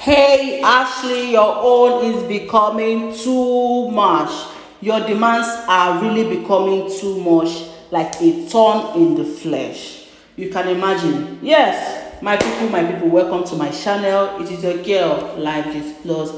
Hey, Ashley, your own is becoming too much. Your demands are really becoming too much, like a thorn in the flesh. You can imagine. Yes, my people, my people, welcome to my channel. It is your girl, Life is Plus.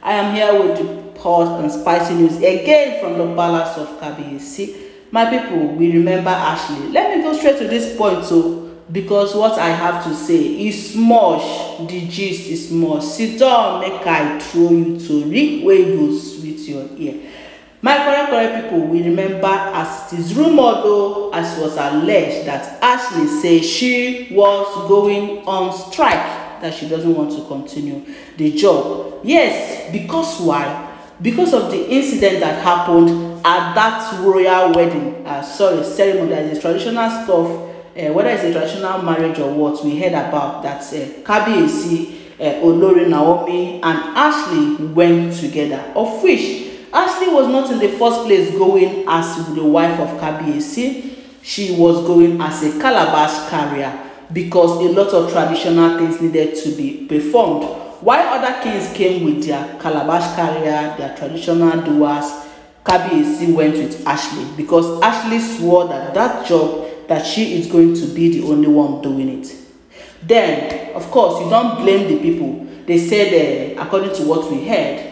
I am here with the hot and spicy news again from the palace of Kabi. my people, we remember Ashley. Let me go straight to this point, so oh, because what I have to say is smush the gist is more. sit down make i throw you tori wey go sweet your ear my correct correct people we remember as it is rumoured o as it was alleged that ashley say she was going on strike that she doesn't want to continue the job yes because why because of the incident that happened at that royal wedding uh, sorry ceremony that is traditional stuff uh, whether it's a traditional marriage or what we heard about that uh, eh, Kabiyesi uh, Olori Naomi and Ashley went together of which Ashley was not in the first place going as the wife of Kabiyesi she was going as a calabash carrier because a lot of traditional things needed to be performed while other kings came with their calabash carrier their traditional doers Kabiyesi went with Ashley because Ashley swore that that job that she is going to be the only one doing it. Then, of course, you don't blame the people. They said, uh, according to what we heard,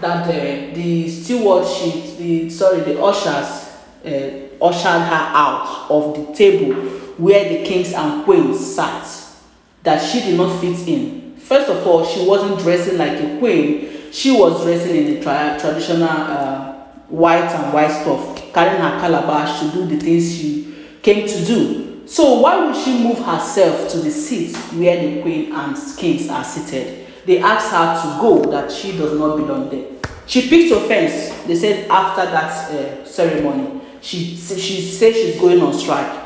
that uh, the stewardship, the sorry, the ushers uh, ushered her out of the table where the kings and queens sat. That she did not fit in. First of all, she wasn't dressing like a queen. She was dressing in the tra traditional uh, white and white stuff, carrying her calabash to do the things she came to do. So why would she move herself to the seat where the queen and kings are seated? They asked her to go, that she does not belong there. She picked offense, they said after that uh, ceremony. She, she said she's going on strike,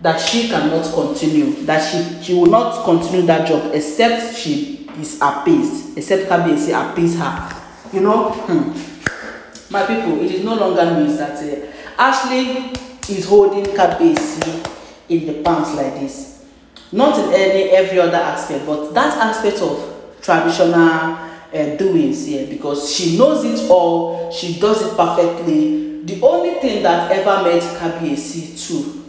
that she cannot continue, that she, she will not continue that job except she is appeased, except KBC appease her. You know, hmm. my people, it is no longer news that uh, Ashley is holding Kabesi in the pants like this. Not in any every other aspect, but that aspect of traditional uh, doings here because she knows it all, she does it perfectly. The only thing that ever made Kabesi to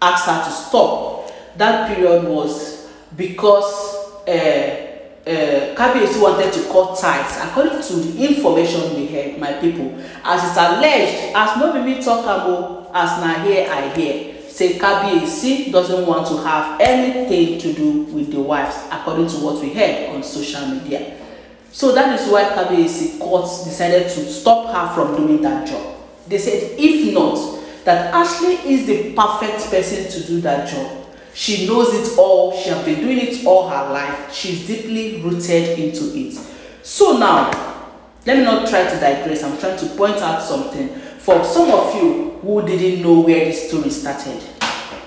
ask her to stop that period was because uh, eh, uh, eh, Kabiyesi wanted to cut ties according to the information we had, my people as it's alleged as no be me talk am as na here i hear say kabiyesi doesn't want to have anything to do with the wives according to what we heard on social media so that is why kabiyesi court decided to stop her from doing that job they said if not that ashley is the perfect person to do that job she knows it all she has been doing it all her life she's deeply rooted into it so now let me not try to digress i'm trying to point out something for some of you who didn't know where this story started.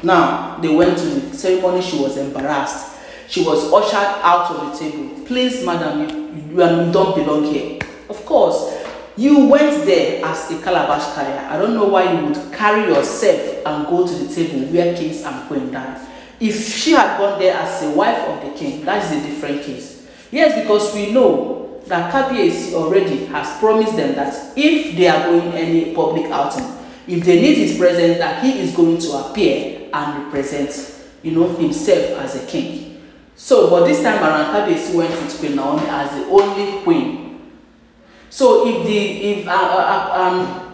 Now, they went to the ceremony, she was embarrassed. She was ushered out of the table. Please, madam, you, you, you don't belong here. Of course, you went there as a calabash carrier. I don't know why you would carry yourself and go to the table where kings and queens die. If she had gone there as a wife of the king, that is a different case. Yes, because we know that KPAC already has promised them that if they are going any public outing, if they need his presence, that he is going to appear and represent you know himself as a king so but this time around kabiyesi went with queen naomi as the only queen so if the if uh, uh, uh um,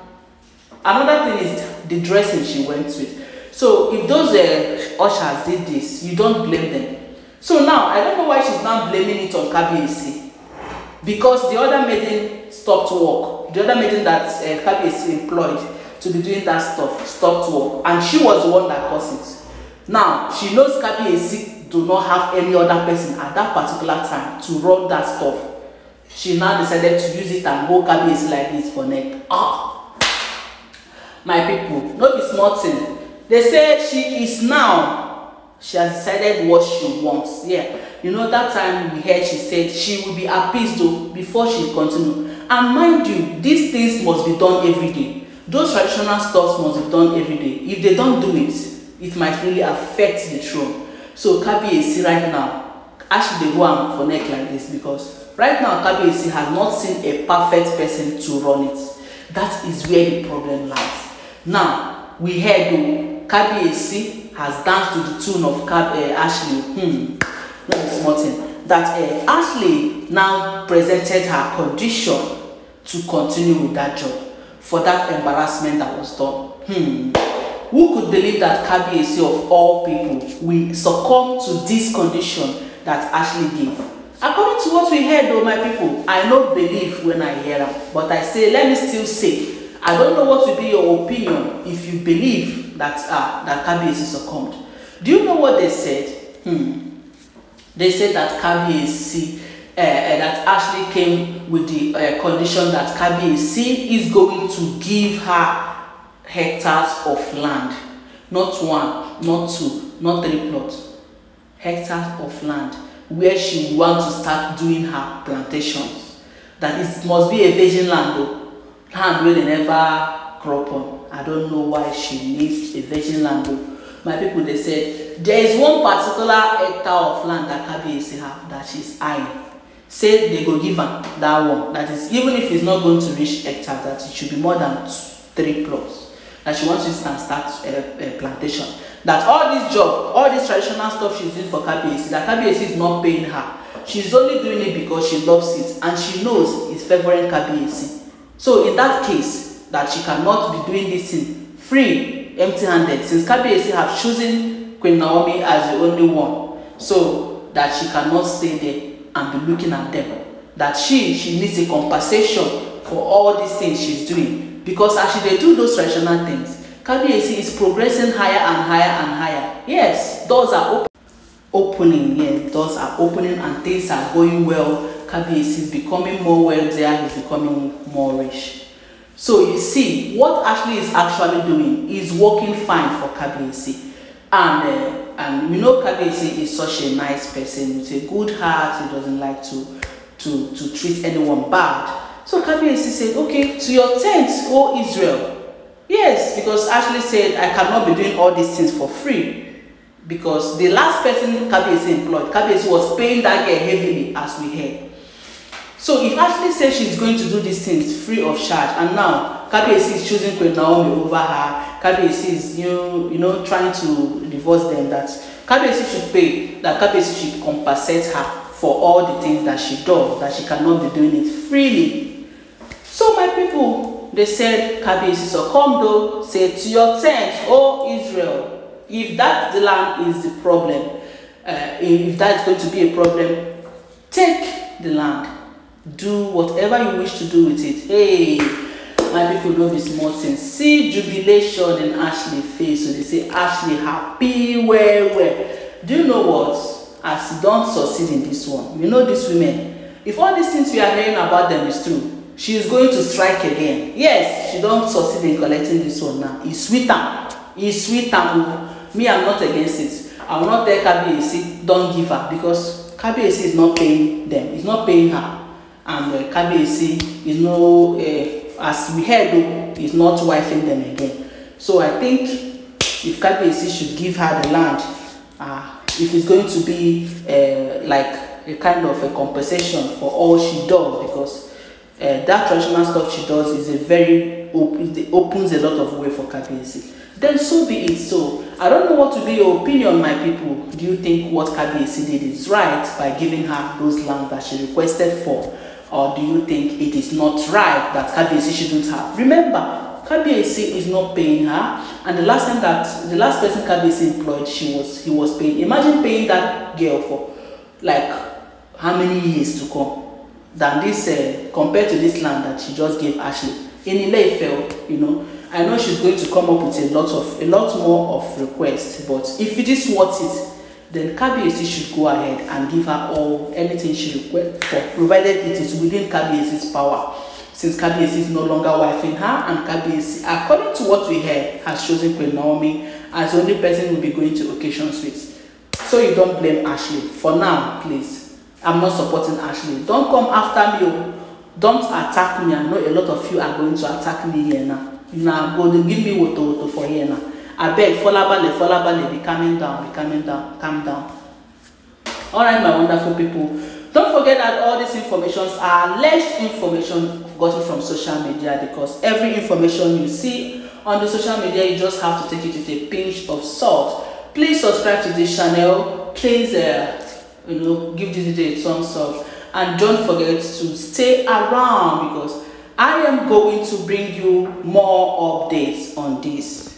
another thing is the dressing she went with so if those uh, ushers did this you don't blame them so now i don't know why she's now blaming it on kabiyesi because the other maiden stopped work the other maiden that uh, kabiyesi employed to be doing that stuff stopped work and she was the one that caused it now she knows kabi ezi do not have any other person at that particular time to run that stuff she now decided to use it and hold kabi ezi like this for neck ah my people no be small thing they say she is now she has decided what she wants yeah you know that time we heard she said she will be appeased o before she continue and mind you these things must be done every day Those traditional stuffs must be done every day. If they don't do it, it might really affect the throne. So Kabiyesi right now, actually dey go am for neck like this because right now Kabiyesi has not seen a perfect person to run it. That is where the problem lies. Now, we heard o, oh, Kabiyesi has danced to the tune of Kab uh, eh, Ashley. Hmm, no be small thing. That uh, Ashley now presented her condition to continue with that job for that embarrassment that was done. Hmm. Who could believe that Kabiyesi of all people will succumb to this condition that Ashley gave? According to what we heard though my people, I no believe when I hear am but I say let me still say I don't know what will be your opinion if you believe that ah uh, that Kabiyesi succumbed. Do you know what they said? Hmm. They said that Kabiyesi uh, uh, that Ashley came with the uh, condition that Kabiyesi is going to give her hectares of land. Not one, not two, not three plots. Hectares of land where she wants to start doing her plantations. That it must be a virgin land though. Land where they never crop on. I don't know why she needs a virgin land though. My people they said there is one particular hectare of land that Kabiyesi have that she's eyeing say they go give am that one that is even if it's not going to reach hectare that it should be more than three plus that she wants to use start a, uh, a uh, plantation that all this job all this traditional stuff she's doing for kbac that kbac is not paying her she's only doing it because she loves it and she knows it's favoring kbac so in that case that she cannot be doing this thing free empty-handed since kbac have chosen queen naomi as the only one so that she cannot stay there and be looking at them that she she needs a compensation for all these things she's doing because as she dey do those traditional things kabiyesi is progressing higher and higher and higher yes doors are open opening yes doors are opening and things are going well kabiyesi is becoming more wealthier is becoming more rich so you see what ashley is actually doing is working fine for kabiyesi And, uh, and you know Kabiyesi is such a nice person with a good heart. He doesn't like to, to, to treat anyone bad. So Kabiyesi said, okay, to your tents, O Israel. Yes, because Ashley said, I cannot be doing all these things for free. Because the last person Kabiyesi employed, Kabiyesi was paying that girl heavily, as we heard. So if Ashley says she's going to do these things free of charge, and now Kabiyesi is choosing Queen Naomi over her, Kabiyesi is you, you know, trying to divorce them that Kabiyesi should pay, that Kabiyesi should compensate her for all the things that she does, that she cannot be doing it freely. So my people, they said, so come though, say to your tent, oh Israel, if that the land is the problem, uh, if is going to be a problem, take the land. Do whatever you wish to do with it. Hey! of my people no be small thing see jubilation in Ashley's face so they say ashley happy well well do you know what as she don succeed in this one you know these women if all these things we are hearing about them is true she is going to strike again yes she don't succeed in collecting this one now It's sweet it's e me i'm not against it i will not tell kabiyesi Don't give up because kabiyesi is not paying them It's not paying her and uh, kabiyesi is no uh, as we heard is not wifing them again so i think if kabiyesi should give her the land uh, if it's going to be uh, like a kind of a compensation for all she does because uh, that traditional stuff she does is a very open opens a lot of way for kabiyesi then so be it so i don't know what to be your opinion my people do you think what kabiyesi did is right by giving her those land that she requested for Or do you think it is not right that Kabiesi shouldn't have? Remember, Kabiesi is not paying her, and the last time that the last person Kabiesi employed, she was he was paying. Imagine paying that girl for like how many years to come than this uh, compared to this land that she just gave Ashley in Ile-Ife, you know. I know she's going to come up with a lot of a lot more of requests, but if it is worth it, then Kabiyesi should go ahead and give her all anything she requests for provided it is within Kabiyesi's power since Kabiyesi is no longer wifing her and Kabiyesi according to what we hear, has chosen Queen Naomi as the only person will be going to occasions with so you don't blame Ashley for now please I'm not supporting Ashley don't come after me o oh. don't attack me I know a lot of you are going to attack me here now una go dey give me woto woto for here now abeg folabalẹ folabalẹ be calming down be calming down calm down All right, my wonderful people don't forget that all these informations are alleged information gotten from social media because every information you see on the social media you just have to take it with a pinch of salt please subscribe to this channel please uh, you know give this video a thumbs up and don't forget to stay around because i am going to bring you more updates on this